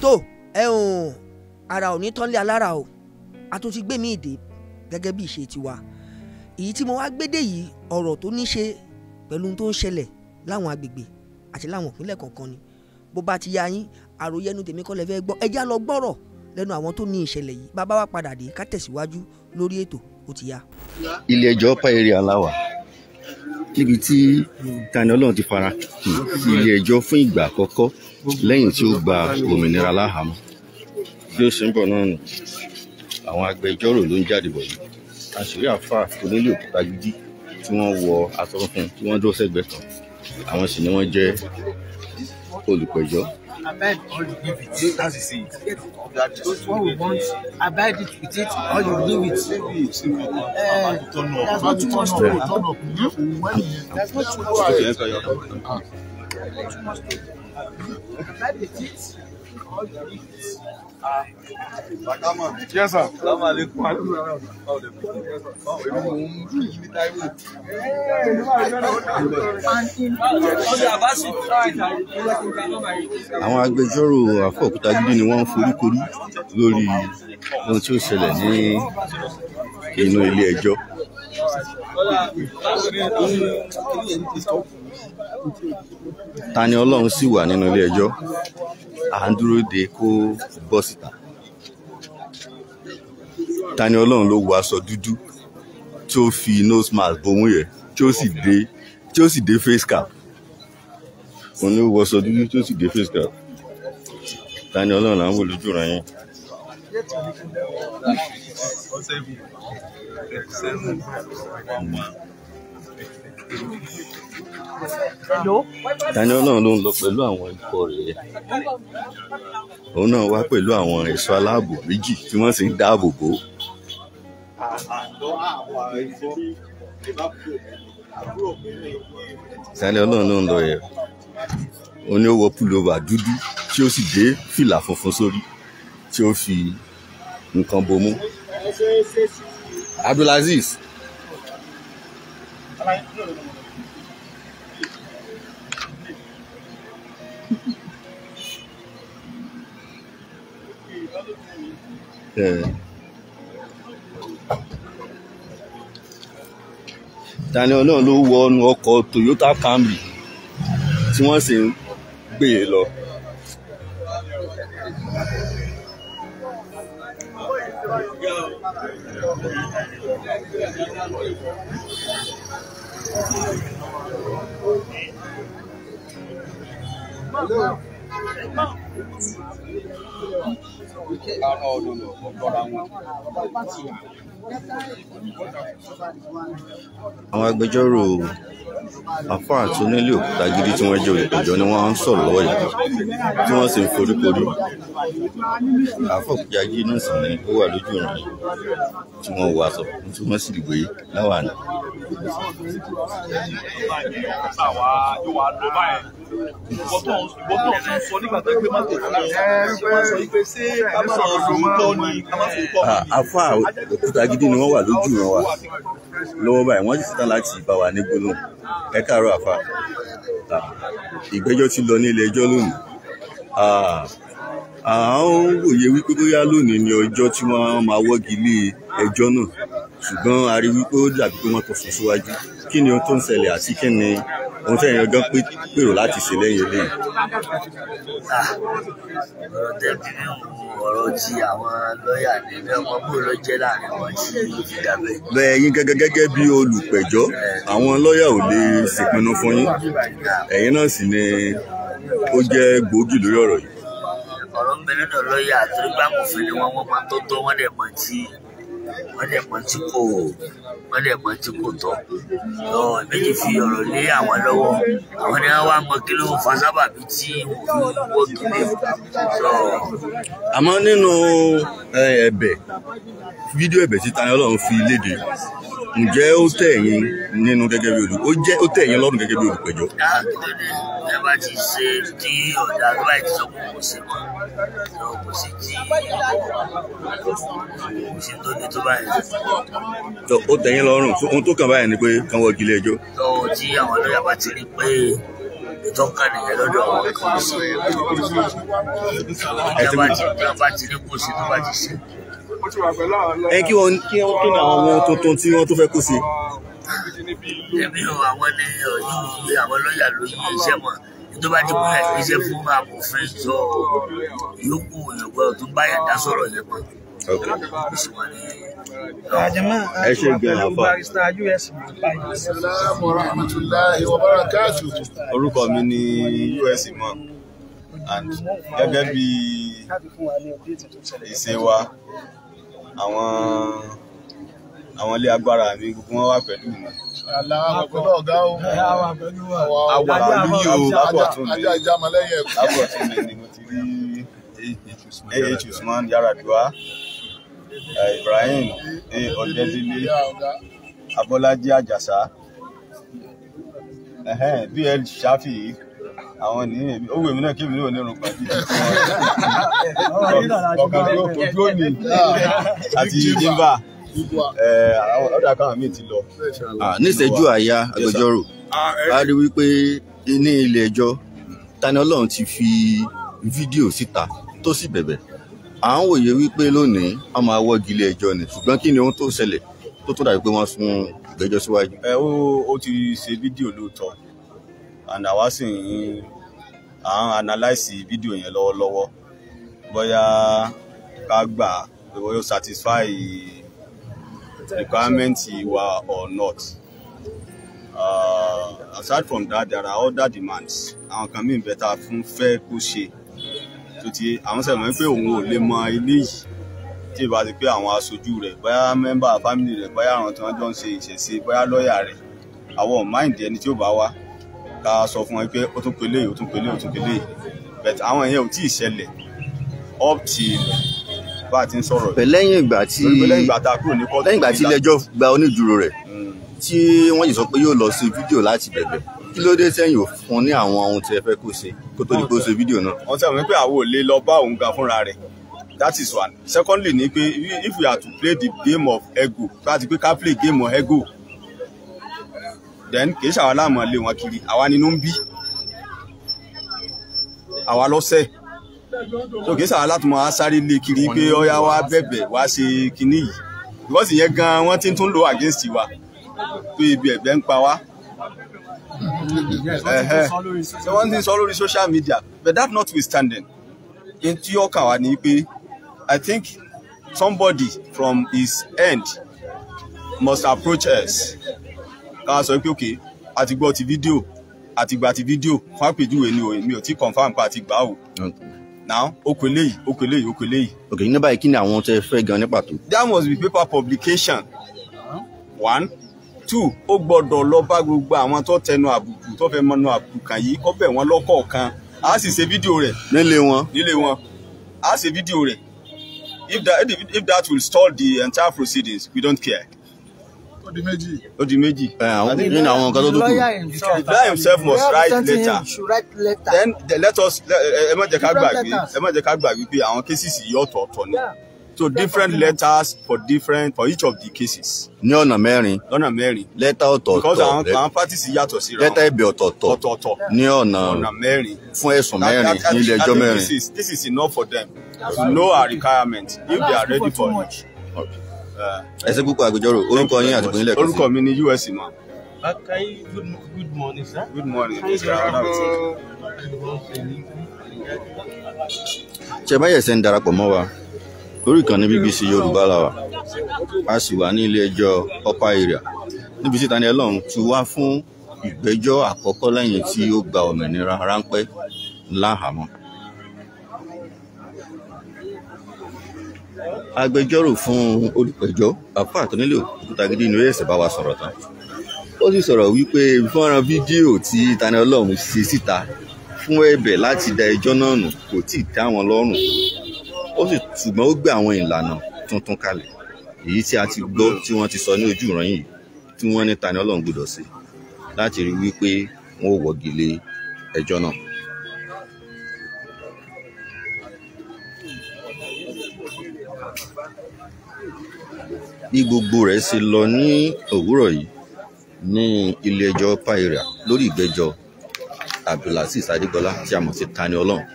tó ẹ òun ara ò tán lé alára o a tún ti gbé mi ìdè gẹ́gẹ́ bí ìṣe tiwa èyí tí mo wá gbé dé yìí ọ̀rọ̀ tó ní ṣe pẹ̀lú tó ń ṣẹlẹ̀ láwọn agbègbè àti láwọn ìpínlẹ̀ kọ̀ọ̀kan ni bó bá ti ya yín àròyé ẹnu tèmi kọ́ lẹ gbọ́ ẹ já lọ gbọ́rọ̀ lẹ́nu àwọn tó ní ìṣẹ̀lẹ̀ yìí bàbá wa padà dé ká tẹ̀síwájú lórí ètò ó ti ya. ilé ẹjọ́ pa eré aláwa níbi tí Tani ti fara sí ilé ẹjọ́ fún ìgbà àkọ́kọ́ lẹ́yìn tí ó gba òmìnira láhàámọ́ bí ó ṣe ń bọ̀ náà nù àwọn agbẹjọ́rò ló ń jáde bọ̀ yìí àṣírí àáfàá onílé òkúta gidi tí wọ́n wọ aṣọ funfun tí wọ́n dúró sẹ́gbẹ̀ẹ́ kan àwọn sì ni wọ́n jẹ́ olùpẹ̀jọ́. abide all you give it that is it that is what we want abide it with it or you give it. Uh, that's what you must do. that's what you must do. Yes, sir. Assalamu alaikum. Àwọn agbẹjọ́rò Afọ́òkútagídí ni wọ́n ń foríkorí lórí ohun tí ó ṣẹlẹ̀ ní inú ilé ẹjọ́. Tani Ọlọ́run sì wà nínú ilé ẹjọ́ à ń dúró de kó bọ́ síta Tani Ọlọ́run ló wọ aṣọ dúdú tí ó fi nose mask bomú yẹ tí ó sì dé tí ó sì dé face cap òun ló wọ aṣọ dúdú tí ó sì dé face cap Tani Ọlọ́run là ń wò lójú ra yẹn seven seven one one. Daniel náà ló ń lọ pẹ̀lú àwọn ikọ̀ rẹ̀. Òun náà wá pẹ̀lú àwọn ẹ̀ṣọ́ aláàbò méjì tí wọ́n sì ń dáàbò bò. Daniel náà ló ń lọ yẹ. Ó ní ó wọ púlọ́và dúdú tí ó sì dé fìlà funfun sórí tí ó fi nǹkan bomú Abdulaziz eh. Daniel náà ló wọ ọnu ọkọ̀ Toyota Camry tí wọ́n sì ń gbé e lọ. Oh, Àwọn agbẹjọ́rò àfà àti onílé Òkútagídí tí wọ́n jẹ́ olùpẹ̀jọ́ ni wọ́n ń sọ̀rọ̀ lọ́wọ́ yìí tí wọ́n sì ń foríkorí àfà Òkútagídí náà sì ni ó wà lójú ìrìn yìí tí wọ́n wọ aṣọ tí wọ́n sì gbé láwàní. àfà Òkútagídí ni wọ́n wà lójú ìrìn wa lọ́wọ́ báyìí wọ́n sì tán láti bá wa ní gbólóhùn ẹ káàárọ̀ àfa ìgbẹ́jọ́ ti lọ ní ilé ẹjọ́ lónìí à ń wòye wípé bóyá lónìí ni ọjọ́ tí wọ́n máa wọ́gi lé ẹjọ́ náà ṣùgbọ́n a rí wípé ó dàbí pé wọ́n tó sùn síwájú kí ni ohun tó ń ṣẹlẹ̀ àti kí ni ohun tẹ̀yìn gan pèrò láti ṣe lẹ́yìn eléyìí. Ah, ọ̀rọ̀ tẹ̀bí ni ọ̀rọ̀ ti àwọn lọ́ọ̀yà nílẹ̀ ọmọkú ló jẹ́ láàrin wọn sí ìdàgbẹ́. bẹ́ẹ̀ yín gẹ́gẹ́ gẹ́gẹ́ bí olùpẹ̀jọ́ àwọn lọ́ọ̀yà ò lè ṣèpinnu fún yín ẹ̀yin náà sì ni ó jẹ́ gbòógì lórí ọ̀rọ̀ yìí. ọ̀rọ̀ ń bẹ lọ́dọ̀ lọ́ọ̀yà torí wọ́n dẹ̀ mọ tí kò wọ́n dẹ̀ mọ tí kò tọ́ lọ méjì fi ọ̀rọ̀ lé àwọn lọ́wọ́ àwọn ni wọ́n wá mọ kí ló ń fa sábàbí tí wọ́n fi wọ́n kílé sọ. àmọ́ nínú ẹ̀bẹ̀ fídíò ẹ̀bẹ̀ tí Taniọlọ́run fi léde ǹjẹ́ ó tẹ̀ yín nínú gẹ́gẹ́ bí olùpẹ̀jọ́ ó jẹ́ ó tẹ̀ yín lọ́rùn gẹ́gẹ́ bí olùpẹ̀jọ́. ni ẹ bá ti ṣe tí ọ̀dà tó bá ti sọ pé kò sí mọ́ yóò kò sí tí kò sí tó ní tó bá ó tẹ̀ yín lọ́rùn ohun tó kàn báyìí ni pé kàn wọ ìgbìlẹ̀ ẹjọ́. tó tí àwọn ọlọ́yà bá ti rí pé ètò kan lọ́dọ̀ àwọn kan sí. ìjọba ti ní kò sí tó bá ti ṣe ẹ kí wọn kí wọn kí ni àwọn tuntun tí wọn tó fẹ́ kó sí. èmi ò àwọn ní ọdún ìwé àwọn lọ́ọ̀yà ló yí iṣẹ́ mọ́ ìjọba ti múlẹ̀ iṣẹ́ fún amòfin sọ yòókù ìyọ̀gbọ́ tó báyà dá sọ̀rọ̀ yẹn mọ́. Ẹ ṣe gbẹ̀rẹ̀ àpá. Orúkọ mi ni US mọ̀ and gẹ́gẹ́ bí ìṣe wa àwọn àwọn ilé agbára mi gbogbo wọn wà pẹ̀lú mi. aláwa pẹ̀lú ọ̀gá o. aláwa pẹ̀lú ọ̀gá o. àwọ̀ àlú yìí o lábọ̀ tún mi. ajá ìjà mọ̀lẹ́yìn ẹ̀kọ́. lábọ̀ tún mi ni mo ti rí ah usman yaradua eh, ibrahim ọ̀dẹ́dílé abọ́lájí àjàsà bl shafi àwọn ní èmi ó wù mí náà kí èmi náà nírun pàdé ọkàn tó fojú òní àti jimba eh, àwọn ọ̀dà kan àmì ti lọ. Ah, níṣẹ́jú àyà agbẹjọ́rò ah, eh. a rí wípé ní ilé ẹjọ́ Tani Olohun ti fi fídíò síta tó sì bẹ̀bẹ̀ à ń wòye wípé lónìí a máa wọ́gi ilé ẹjọ́ ni ṣùgbọ́n kí ni ohun tó ṣẹlẹ̀ tó tó dàbí pé wọ́n sún ìgbẹ́jọ́ síwájú. ẹ eh, ó ti ṣe fídíò lóòótọ́ and àwa sì ń à ń analyse fídíò yẹn lọ́wọ́lọ́wọ́ bóyá ká gbà pé wọ́n yóò satisfy requirement wa or not uh, aside from that there are other demands àwọn kan mìíràn bẹ́ẹ̀ ta fún fẹ́ kó ṣe tó ti àwọn sẹ̀rọ̀ mọ́ pé òun ò lè mọ ilé yìí tí ìbá ti pé àwọn aṣojú rẹ̀ bóyá mẹ́mbà fámìlì rẹ̀ bóyá àwọn tí wọ́n jọ ń ṣe ìṣẹ̀ṣe bóyá lọ́ọ̀yà rẹ̀ àwọn mind ẹni tí ó bá wá ká sọ fún wọn pé ó tún pelé ó tún pelé ó tún pelé but àwọn yẹn ò tí ì ṣẹlẹ̀ up till bá a ti ń sọ̀rọ̀ yìí. lẹ́yìn ìgbà tí lẹ́yìn ìgbà tí ilé-ẹjọ́ gba onídùúró rẹ̀ mm. tí wọ́n yìí sọ pé yóò lọ ṣe fídíò láti bẹ̀bẹ̀ kí ló dé sẹ́yìn òfun ní àwọn ohun tí ẹ fẹ́ kó ṣe kó tó di pé ṣe fídíò náà. wọ́n sọ pé àwọn ò lè lọ bá òun ga fúnra rẹ̀ that is one secondly ni pé if we are to play the game of ego láti pé ká play game of ego then kì í ṣàwọn aláàmọ lé wọn kiri àwa nínú ń bí àwa lọ́sẹ̀ so kì í ṣàwọn aláàtúmọ wa sáré lé kiri pé ọyá wa bẹ̀bẹ̀ wá ṣe kinní yìí because ìyẹn gan wọn ti tún lò against wa pé ibi ẹ̀gbẹ́ ń pa wá ṣé wọ́n ti sọ lórí social media but that notwithstanding in tí ó kà wá ni pé I think somebody from his end must approach us káwọn sọ pé òkè àti gbọ́ ti fídíò àti gbà ti fídíò fún àpèjúwe ni o èmi ò tí confam pa àti gbà o now okò eléyìí okò eléyìí okò eléyìí. ok ní báyìí kí ni àwọn tẹ fẹ́ gan ní pàtó. that must be paper publication one two ó gbọ́dọ̀ lọ bá gbogbo àwọn tó tẹnu àbùkù tó fẹ́ mọnu àbùkù kàn yìí kọ́ bẹ̀ wọ́n lọ́kọ̀ọ̀kan a sì ṣe fídíò rẹ̀. nílé wọn. nílé wọn a ṣe fídíò rẹ̀ if that if that will stall the entire proceedings we don't care ó di méjì. ó di méjì. nínú àwọn nǹkan tó tó lawyer himself must write letter. then let us ẹ má jẹ́ ká gbàgbé ẹ má jẹ́ ká gbàgbé pé àwọn cases yìí ọ̀tọ̀ọ̀tọ̀ ni so different letters for different for each of the cases. ní ọ̀nà mẹ́rin. lọ́nà mẹ́rin. lẹ́tà ọ̀tọ̀ọ̀tọ̀ because àwọn àwọn parties yàtọ̀ síra. lẹ́tà ẹ̀bẹ̀ ọ̀tọ̀ọ̀tọ̀ ọ̀tọ̀ọ̀tọ̀ ní ọ̀nà ọ̀nà mẹ́rin fún ẹ̀sùn mẹ́rin ní ilé ẹjọ́ mẹ́rin. this is enough for them to know our requirements. if they are ready for it ẹ ṣe púpọ̀ agbẹjọ́rò orúkọ yín àti ìpínlẹ̀ kẹsì. orúkọ mi ni us ma. bákàyí good morning sir. good morning mr arnold. ṣẹ̀báyẹ̀ ṣe ń darapọ̀ mọ́ wa lórí ìkànnì bbc yorùbá la wà a sì wà ní ilé ẹjọ́ upper area níbi tí Tani Olohun ti wá fún ìgbẹ́jọ́ àkọ́kọ́ lẹ́yìn tí ó gba òmìnira ráńpẹ́ láhàámọ́. agbẹjọ́rò fún olùpẹ̀jọ́ àfọ àtọ́nílé òkútagídí inú ẹ̀sẹ̀ bá wa sọ̀rọ̀ tán ó sì sọ̀rọ̀ wípé fọ́nrán fídíò tí Tani Olohun ṣe síta fún ẹ̀bẹ̀ láti da ẹjọ́ náà nù kò tíì tẹ́ àwọn lọ́rùn ó sì ṣùgbọ́n ó gbé àwọn ìlànà tuntun kalẹ̀ èyí tí a ti gbọ́ tí wọ́n ti sọ ní ojú ìran yìí tí wọ́n ní Tani Olohun gbọ́dọ̀ sí láti rí wípé wọ́n ò wọ́gilé ẹjọ́ náà. bí gbogbo rẹ̀ ṣe lọ ní òwúrọ̀ yìí ní ilé-ẹjọ́ Páìrà lórí ìgbẹ́jọ́ Abdulazeez Adégbọlá tí a mọ̀ sí Tani Olohun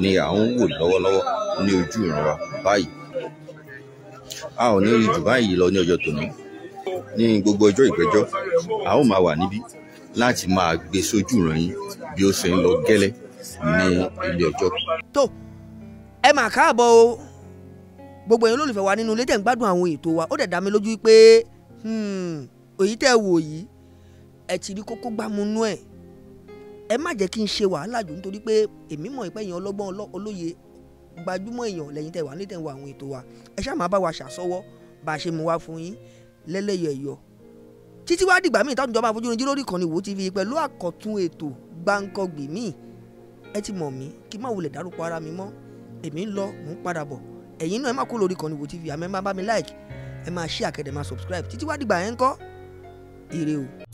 ni à ń wò lọ́wọ́lọ́wọ́ ní ojú ìran wa báyìí a ò ní rí báyìí lọ ní ọjọ́ tòní ní gbogbo ọjọ́ ìgbẹ́jọ́ a ó máa wà níbí láti máa gbé sójú ìran yín bí ó ṣe ń lọ gẹ́lẹ́ ní ilé ẹjọ́. tó ẹ mà káàbọ̀ o gbogbo ẹ̀yin olólùfẹ́ wa nínú ilé tẹ̀ ń gbádùn àwọn ètò wa ó dẹ̀ dá mi lójú pé hmm, èyí tẹ́ wò yìí ẹ ti rí kókó gbámúnú ẹ̀ ẹ má jẹ́ kí n ṣe wàhálà jù nítorí pé èmi mọ̀ ìpẹ́yìn ọlọ́gbọ́n olóye gbajúmọ̀ èèyàn lẹ́yìn tẹ̀ wà nílé tẹ̀ ń wo àwọn ètò wa ẹ ṣáà máa bá wa ṣàsọwọ́ bá a ṣe mú wa fún yín lẹ́lẹ́yẹ̀yọ títí wá dìgbà míì táwọn ìjọba àfojúrin jíròrò ìkànnì wò ti fi pẹ̀lú àkọ́tún ètò gbáǹkọ́gbì míì ẹ ti mọ̀ mí kí má wulẹ̀ dárúkọ ara mi mọ́ èmi ń lọ mò ń padà bọ̀ ẹ̀yin náà ẹ má kó lórí kan ní wo tv àmẹ́ bá mi like ẹ máa share àkẹ́dẹ̀ máa subscribe títí wá dìgbà yẹn ń kọ́ ire o.